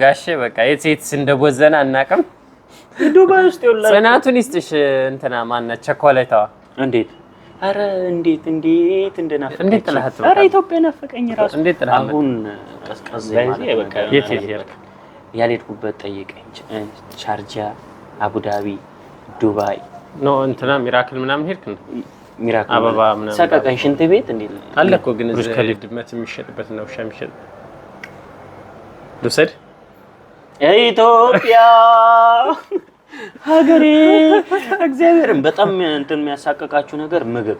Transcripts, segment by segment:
ጋሼ በቃ የት እንደቦዘነ አናውቅም። ዱባይ ውስጥ ይውላል። ጽናቱን ይስጥሽ። እንትና ማናት ቸኮሌታዋ? እንዴት አረ እንዴት እንዴት እንደናፈቀኝ እንዴት ጥላሃት አረ ኢትዮጵያ ናፈቀኝ ራሱ እንዴት ጥላሃት አሁን ቀዝቀዝ ማለት ነው። በቃ የት ይሄርክ ያልሄድኩበት ጠይቀኝ። ሻርጃ፣ አቡዳቢ፣ ዱባይ ኖ እንትና ሚራክል ምናምን ሄድክ እንዴ? ሚራክል አበባ ምናምን ሰቀቀኝ። ሽንት ቤት እንዴ አለ እኮ ግን እዚህ ከልድመት የሚሸጥበት ነው ሻምሽል ልውሰድ የኢትዮጵያ ሀገሬ እግዚአብሔርን በጣም እንትን የሚያሳቀቃችሁ ነገር ምግብ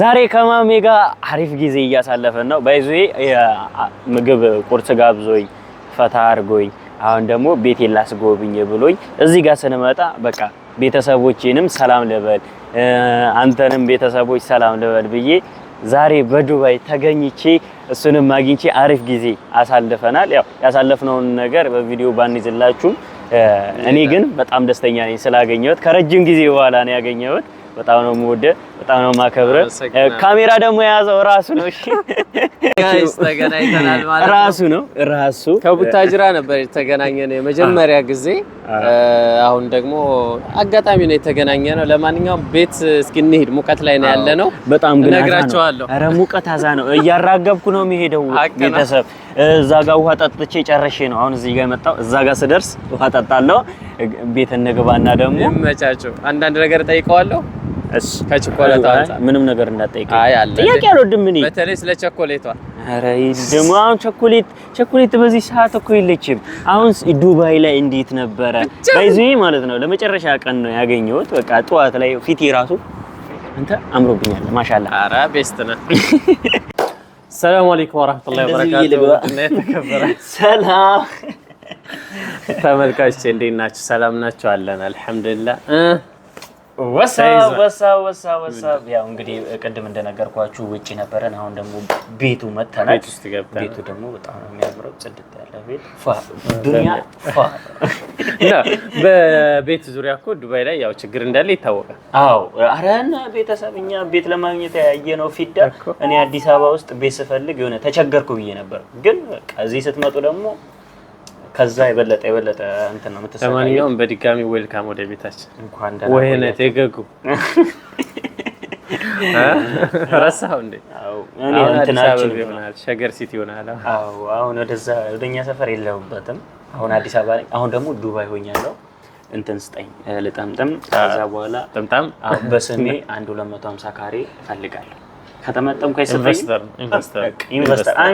ዛሬ ከማሜ ጋር አሪፍ ጊዜ እያሳለፈን ነው። ባይዙ ምግብ ቁርስ ጋብዞኝ ፈታ አርጎኝ አሁን ደግሞ ቤቴን ላስጎብኝ ብሎኝ እዚህ ጋር ስንመጣ በቃ ቤተሰቦቼንም ሰላም ልበል አንተንም ቤተሰቦች ሰላም ልበል ብዬ ዛሬ በዱባይ ተገኝቼ እሱንም አግኝቼ አሪፍ ጊዜ አሳልፈናል። ያው ያሳለፍነውን ነገር በቪዲዮ ባንይዝላችሁም እኔ ግን በጣም ደስተኛ ነኝ ስላገኘሁት። ከረጅም ጊዜ በኋላ ነው ያገኘሁት። በጣም ነው የምወደው። በጣም ነው ማከብረ። ካሜራ ደግሞ የያዘው ራሱ ነው። እሺ ጋይስ ተገናኝተናል ማለት ራሱ ነው ራሱ ከቡታጅራ ነበር የተገናኘን የመጀመሪያ ጊዜ። አሁን ደግሞ አጋጣሚ ነው የተገናኘ ነው። ለማንኛውም ቤት እስኪ እንሂድ፣ ሙቀት ላይ ነው ያለ ነው። በጣም ግን እነግራቸዋለሁ። ኧረ ሙቀት አዛ ነው፣ እያራገብኩ ነው የሚሄደው ቤተሰብ። እዛ ጋር ውሃ ጠጥቼ ጨረሼ ነው አሁን እዚህ ጋር የመጣው። እዛ ጋር ስደርስ ውሃ ጠጣለሁ። ቤት እንግባና ደግሞ ይመቻቸው። አንዳንድ ነገር ጠይቀዋለሁ እሺ ከቸኮሌቷ ምንም ነገር እንዳጠይቀኝ። አይ አለ ጥያቄ አልወድም እኔ በተለይ ስለ ቸኮሌቷ። ኧረ ደግሞ አሁን ቸኮሌት ቸኮሌት በዚህ ሰዓት እኮ የለችም። አሁን ዱባይ ላይ እንዴት ነበረ ባይዙይ ማለት ነው። ለመጨረሻ ቀን ነው ያገኘሁት። በቃ ጠዋት ላይ ፊቴ ራሱ አንተ አምሮብኛል። ማሻአላ። ኧረ ቤስት ነህ። ሰላም አለይኩም ወራህመቱላሂ ወበረካቱህ። የተከበረ ሰላም ተመልካቾች እንዴት ናችሁ? ሰላም ናችሁ? አለን አልሐምዱሊላህ ወሳወሳወሳወሳብ ያው እንግዲህ ቅድም እንደነገርኳችሁ ውጭ ነበረን። አሁን ደግሞ ቤቱ መተናል። ቤቱ ደግሞ በጣም ነው የሚያምረው፣ ጽድት ያለ ቤት ዱኒያ። በቤት ዙሪያ እኮ ዱባይ ላይ ያው ችግር እንዳለ ይታወቃል። አዎ፣ አረና ቤተሰብ እኛ ቤት ለማግኘት ያየ ነው ፊዳ። እኔ አዲስ አበባ ውስጥ ቤት ስፈልግ የሆነ ተቸገርኩ ብዬ ነበር፣ ግን ከዚህ ስትመጡ ደግሞ ከዛ የበለጠ የበለጠ እንትን ነው የምትሰራው። ለማንኛውም በድጋሚ ዌልካም ወደ ቤታችን። እንኳን ደህና ወይነት የገጉ ረሳሁ እንዴ? ሸገር ሲቲ ይሆናል። አሁን ወደዛ ወደኛ ሰፈር የለሁበትም። አሁን አዲስ አበባ ነኝ። አሁን ደግሞ ዱባይ ሆኛለሁ። እንትን ስጠኝ ልጠምጥም። ከዛ በኋላ ጥምጣም በስሜ አንድ ሁለት መቶ ሀምሳ ካሬ እፈልጋለሁ። ከጠመጠምኩ ኢንቨስተር ኢንቨስተር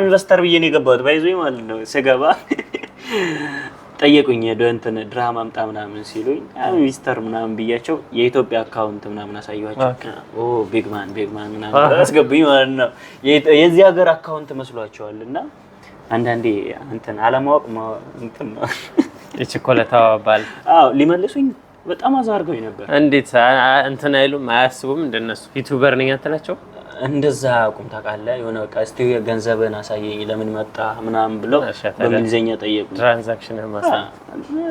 ኢንቨስተር ብዬ ነው የገባሁት። ባይዞ ማለት ነው ስገባ ጠየቁኝ እንትን ድራማ ምጣ ምናምን ሲሉኝ ሚስተር ምናምን ብያቸው የኢትዮጵያ አካውንት ምናምን አሳየኋቸው። ቢግማን ቢግማን ምናምን አስገቡኝ ማለት ነው። የዚህ ሀገር አካውንት መስሏቸዋል። እና አንዳንዴ እንትን አለማወቅ እንትን የችኮለታ ባል ሊመልሱኝ በጣም አዛርገኝ ነበር። እንዴት እንትን አይሉም አያስቡም። እንደነሱ ዩቱበር ነኝ አትላቸው እንደዛ ቁም ታውቃለህ። የሆነ በቃ እስቲ ገንዘብን አሳየኝ ለምን መጣ ምናምን ብለው በእንግሊዝኛ ጠየቁ። ትራንዛክሽን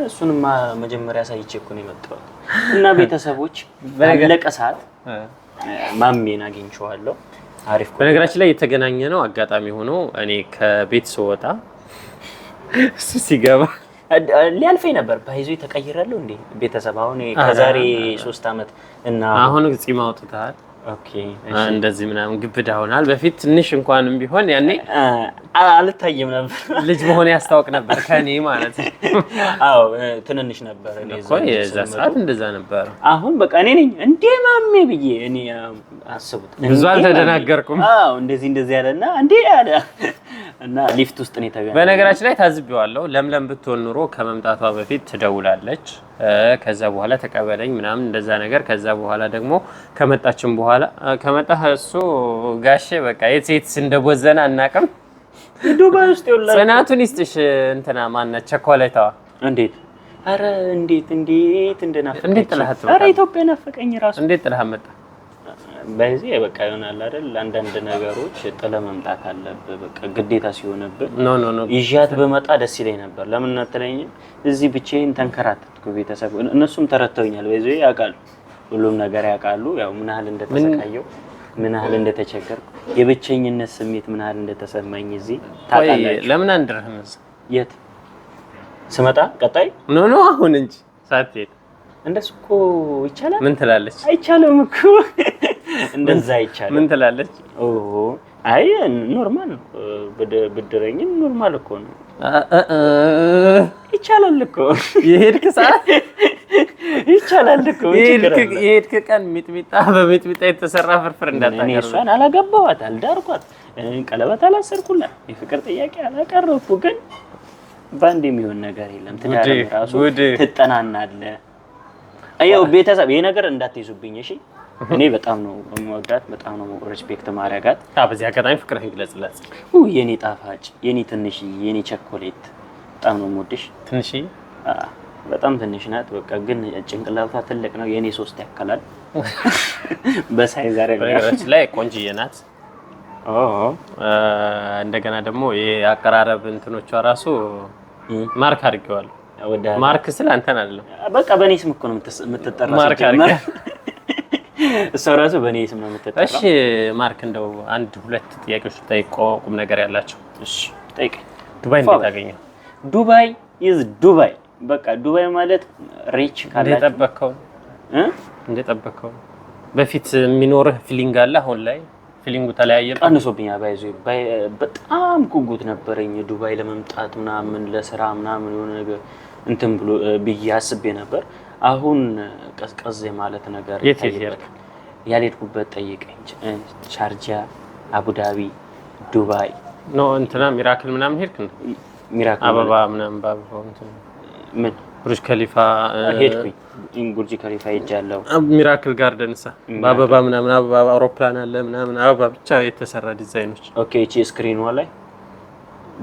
እሱንማ መጀመሪያ አሳይቼ እኮ ነው የመጣሁት። እና ቤተሰቦች ባለቀ ሰዓት ማሜን አግኝቼዋለሁ። አሪፍ። በነገራችን ላይ የተገናኘ ነው አጋጣሚ ሆኖ እኔ ከቤት ስወጣ እሱ ሲገባ ሊያልፈኝ ነበር ባይዞ ተቀይራለሁ እንዴ ቤተሰብ አሁን ከዛሬ ሶስት አመት እና አሁን ጺም አውጥተሃል እንደዚህ ምናምን ግብዳ ሆናል። በፊት ትንሽ እንኳንም ቢሆን ያኔ አልታየም ነበር፣ ልጅ መሆን ያስታውቅ ነበር ከኔ ማለት ነው። ትንንሽ ነበር የዛ ሰዓት እንደዛ ነበር። አሁን በቃ እኔ ነኝ እንዴ ማሜ ብዬ እኔ አስቡት። ብዙ አልተደናገርኩም። እንደዚህ እንደዚህ ያለና እንዴ ያለ እና ሊፍት ውስጥ ነው የተገኘ። በነገራችን ላይ ታዝቤዋለሁ። ለምለም ብትሆን ኑሮ ከመምጣቷ በፊት ትደውላለች፣ ከዛ በኋላ ተቀበለኝ ምናምን እንደዛ ነገር። ከዛ በኋላ ደግሞ ከመጣችን በኋላ ከመጣ እሱ ጋሼ በቃ የት የት እንደቦዘነ አናቅም። ዱባይ ውስጥ ይውላል። ጽናቱን ይስጥሽ። እንትና ማናት ቸኮለታዋ እንዴት አረ እንዴት እንዴት እንደናፈቀኝ እንዴት ጥላሃት? አረ ኢትዮጵያ ናፈቀኝ ራሱ እንዴት ጥላሃት መጣ በዚህ በቃ ይሆናል አይደል? አንዳንድ ነገሮች ጥለ መምጣት አለብህ። በቃ ግዴታ ሲሆንብህ ኖ ኖ ኖ ይዣት በመጣ ደስ ይለኝ ነበር። ለምን አትለኝም? እዚህ ብቻዬን ተንከራተትኩ። ቤተሰብ እነሱም ተረድተውኛል። በዚህ ያውቃሉ፣ ሁሉም ነገር ያውቃሉ። ያው ምን ያህል እንደተሰቃየው ምን ያህል እንደተቸገርኩ የብቸኝነት ስሜት ምን ያህል እንደተሰማኝ እዚህ ታውቃላችሁ። ለምን አንድረህም? የት ስመጣ ቀጣይ ኖ ኖ አሁን እንጂ ሳትሄድ እንደሱ እኮ ይቻላል። ምን ትላለች? አይቻልም እኮ እንደዛ አይቻልም። ምን ትላለች? አይ ኖርማል ነው ብድረኝም ኖርማል እኮ ነው ይቻላል እኮ የሄድክ ሰዓት ይቻላል እኮ የሄድክ ቀን ሚጥሚጣ በሚጥሚጣ የተሰራ ፍርፍር እንዳታቀርብ። እሷን አላገባኋት፣ አልዳርኳት፣ ቀለበት አላሰርኩላት፣ የፍቅር ጥያቄ አላቀረብኩ። ግን በአንድ የሚሆን ነገር የለም። ትዳር ራሱ ትጠናናለ። ይኸው ቤተሰብ ይሄ ነገር እንዳትይዙብኝ እሺ። እኔ በጣም ነው የምወዳት፣ በጣም ነው ሬስፔክት ማድረጋት። በዚህ አጋጣሚ ፍቅር ይግለጽለት። የኔ ጣፋጭ፣ የኔ ትንሽ፣ የኔ ቸኮሌት፣ በጣም ነው የምወድሽ። ትንሽ በጣም ትንሽ ናት። በቃ ግን ጭንቅላቷ ትልቅ ነው። የኔ ሶስት ያከላል በሳይዝ ላይ ቆንጅዬ ናት። እንደገና ደግሞ የአቀራረብ እንትኖቿ ራሱ ማርክ አድርጌዋለሁ። ማርክ ስል አንተን አለ በቃ በእኔ ስም እኮ ነው የምትጠራ እሷ ራሱ በእኔ ስም ነው የምትጠራው። እሺ ማርክ፣ እንደው አንድ ሁለት ጥያቄዎች ጠይቆ ቁም ነገር ያላቸው። እሺ ጠይቀኝ። ዱባይ እንዴት አገኘው? ዱባይ ኢዝ ዱባይ። በቃ ዱባይ ማለት ሪች ካለ እንደጠበቅከው እ እንደጠበቅከው በፊት የሚኖርህ ፊሊንግ አለ። አሁን ላይ ፊሊንጉ ተለያየ። ቀንሶብኛል። ባይዞ በጣም ጉጉት ነበረኝ ዱባይ ለመምጣት ምናምን፣ ለስራ ምናምን የሆነ ነገር እንትን ብሎ ብዬ አስቤ ነበር አሁን ቀዝቀዝ የማለት ነገር ያልሄድኩበት ጠይቀኝ። ቻርጃ፣ አቡዳቢ፣ ዱባይ ኖ እንትና ሚራክል ምናምን ሄድክ? ሚራክል አበባ ምናምን በአበባ ምን ብሩጅ ከሊፋ ሄድኩኝ። ቡርጅ ከሊፋ ሄጃለሁ። ሚራክል ጋርደን ሳ በአበባ ምናምን አበባ አውሮፕላን አለ ምናምን አበባ ብቻ የተሰራ ዲዛይኖች ኦኬ። እቺ ስክሪኗ ላይ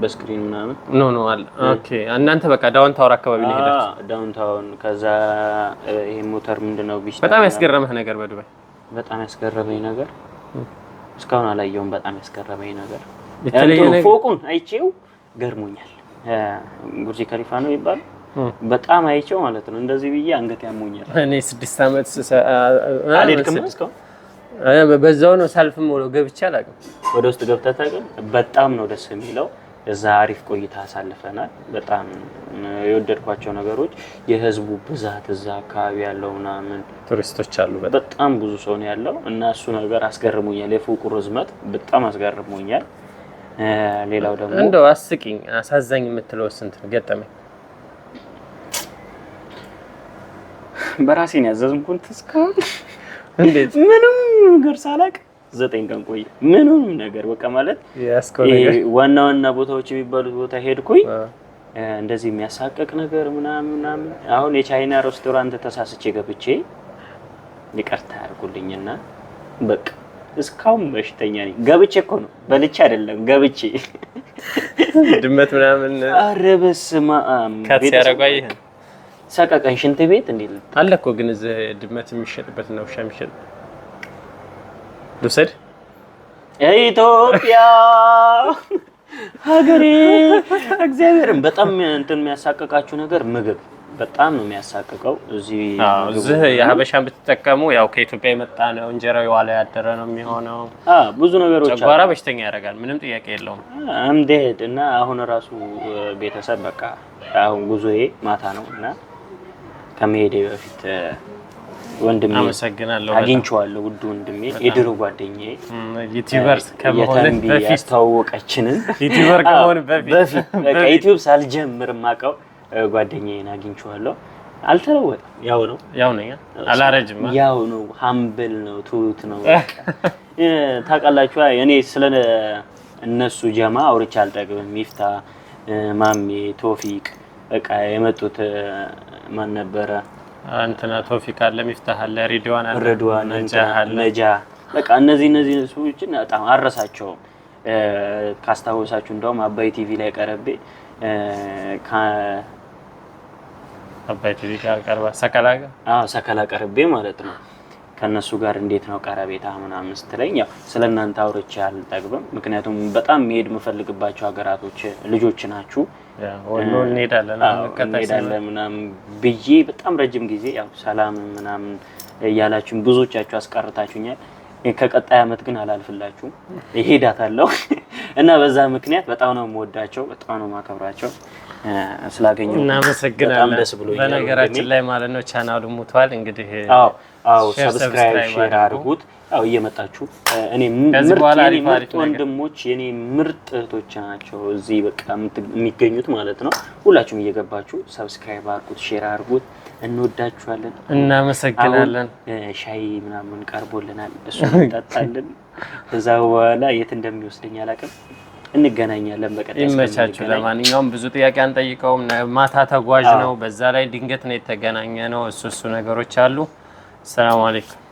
በስክሪን ምናምን ኖ ኖ አለ። ኦኬ እናንተ በቃ ዳውን ታወር አካባቢ ነው ሄዳችሁ? ዳውን ታውን ከዛ ይሄ ሞተር ምንድነው ቢስ። በጣም ያስገረመህ ነገር በዱባይ? በጣም ያስገረመኝ ነገር እስካሁን አላየውም። በጣም ያስገረመኝ ነገር ፎቁን አይቼው ገርሞኛል። ቡርጅ ከሊፋ ነው ይባል በጣም አይቼው ማለት ነው እንደዚህ ብዬ አንገት ያሞኛል። እኔ ስድስት ዓመት አልሄድክም እስካሁን በዛው ነው ሳልፍም ገብቼ አላውቅም። ወደ ውስጥ ገብተህ ታውቅም? በጣም ነው ደስ የሚለው እዛ አሪፍ ቆይታ አሳልፈናል። በጣም የወደድኳቸው ነገሮች የህዝቡ ብዛት እዛ አካባቢ ያለው ምናምን ቱሪስቶች አሉ። በጣም ብዙ ሰው ነው ያለው እና እሱ ነገር አስገርሞኛል። የፎቁ ርዝመት በጣም አስገርሞኛል። ሌላው ደግሞ እንደው አስቂኝ አሳዛኝ የምትለው ስንት ገጠመኝ በራሴን ያዘዝንኩን እንዴት ምንም ነገር ሳላቅ ዘጠኝ ቀን ቆይ ምንም ነገር በቃ ማለት ዋና ዋና ቦታዎች የሚባሉት ቦታ ሄድኩኝ። እንደዚህ የሚያሳቀቅ ነገር ምናምን ምናምን። አሁን የቻይና ሬስቶራንት ተሳስቼ ገብቼ ይቅርታ ያርጉልኝና በቃ እስካሁን በሽተኛ ነኝ። ገብቼ እኮ ነው በልቼ አይደለም ገብቼ ድመት ምናምን። ኧረ በስመ አብ ሰቀቀኝ። ሽንት ቤት እንዴ አለ እኮ ግን እዚህ ድመት የሚሸጥበት ነው ውሻ የሚሸጥበት ልውሰድ የኢትዮጵያ ሀገሬ እግዚአብሔርን በጣም እንትን የሚያሳቀቃችሁ ነገር ምግብ በጣም ነው የሚያሳቅቀው። እዚህ እዚህ የሀበሻን ብትጠቀሙ ያው ከኢትዮጵያ የመጣ ነው፣ እንጀራው የዋላ ያደረ ነው የሚሆነው። ብዙ ነገሮች ጨጓራ በሽተኛ ያደርጋል፣ ምንም ጥያቄ የለውም። እምድሄድ እና አሁን ራሱ ቤተሰብ በቃ አሁን ጉዞዬ ማታ ነው እና ከመሄዴ በፊት ወንድሜ አመሰግናለሁ። አግኝቼዋለሁ ውድ ወንድሜ፣ የድሮ ጓደኛዬ ዩቲዩበር ከመሆን በፊት ያስተዋወቀችንን ዩቲዩበር ከመሆን በፊት ዩቲዩብ ሳልጀምር ማቀው ጓደኛዬን አግኝቼዋለሁ። አልተለወጠም። ያው ነው፣ ያው ነው፣ አላረጅም። ያው ነው፣ ሀምብል ነው፣ ትሁት ነው። ታውቃላችሁ፣ እኔ ስለ እነሱ ጀማ አውርቼ አልጠግብም። ሚፍታ ማሜ፣ ቶፊቅ በቃ የመጡት ማን ነበረ እንትና ቶፊክ አለ፣ ሚፍታህ አለ፣ ሪድዋን አለ፣ ሪድዋን ነጃ በቃ እነዚህ እነዚህ ሰዎችን በጣም አረሳቸውም። ካስታወሳችሁ እንደውም አባይ ቲቪ ላይ ቀረቤ አባይ ቲቪ ጋር ቀርባ ሰከላ ጋር አዎ ሰከላ ቀርቤ ማለት ነው። ከነሱ ጋር እንዴት ነው ቀረቤታ ምናምን ስትለኝ ያው ስለ እናንተ አውርቼ አልጠግብም። ምክንያቱም በጣም መሄድ የምፈልግባቸው ሀገራቶች ልጆች ናችሁ ወሎ እንሄዳለን እንሄዳለን ምናምን ብዬ በጣም ረጅም ጊዜ ያው ሰላም ምናምን እያላችሁን ብዙዎቻችሁ አስቀርታችሁኛል። ከቀጣይ አመት ግን አላልፍላችሁም እሄዳታለሁ እና በዛ ምክንያት በጣም ነው የምወዳቸው፣ በጣም ነው የማከብራቸው። ስላገኘሁ እናመሰግናለን። ደስ ብሎኛል። በነገራችን ላይ ማለት ነው ቻናሉ ሙቷል። እንግዲህ አዎ፣ አዎ፣ ሰብስክራይብ ሼር አድርጉት። ያው እየመጣችሁ እኔ ምርጥ ወንድሞች የኔ ምርጥ እህቶች ናቸው እዚህ በቃ የሚገኙት ማለት ነው። ሁላችሁም እየገባችሁ ሰብስክራይብ አርጉት፣ ሼር አርጉት። እንወዳችኋለን፣ እናመሰግናለን። ሻይ ምናምን ቀርቦልናል፣ እሱ እንጠጣለን። እዛ በኋላ የት እንደሚወስደኝ አላውቅም። እንገናኛለን። በቀጣይ ይመቻችሁ። ለማንኛውም ብዙ ጥያቄ አንጠይቀውም። ማታ ተጓዥ ነው፣ በዛ ላይ ድንገት ነው የተገናኘ ነው። እሱ እሱ ነገሮች አሉ። ሰላም አለይኩም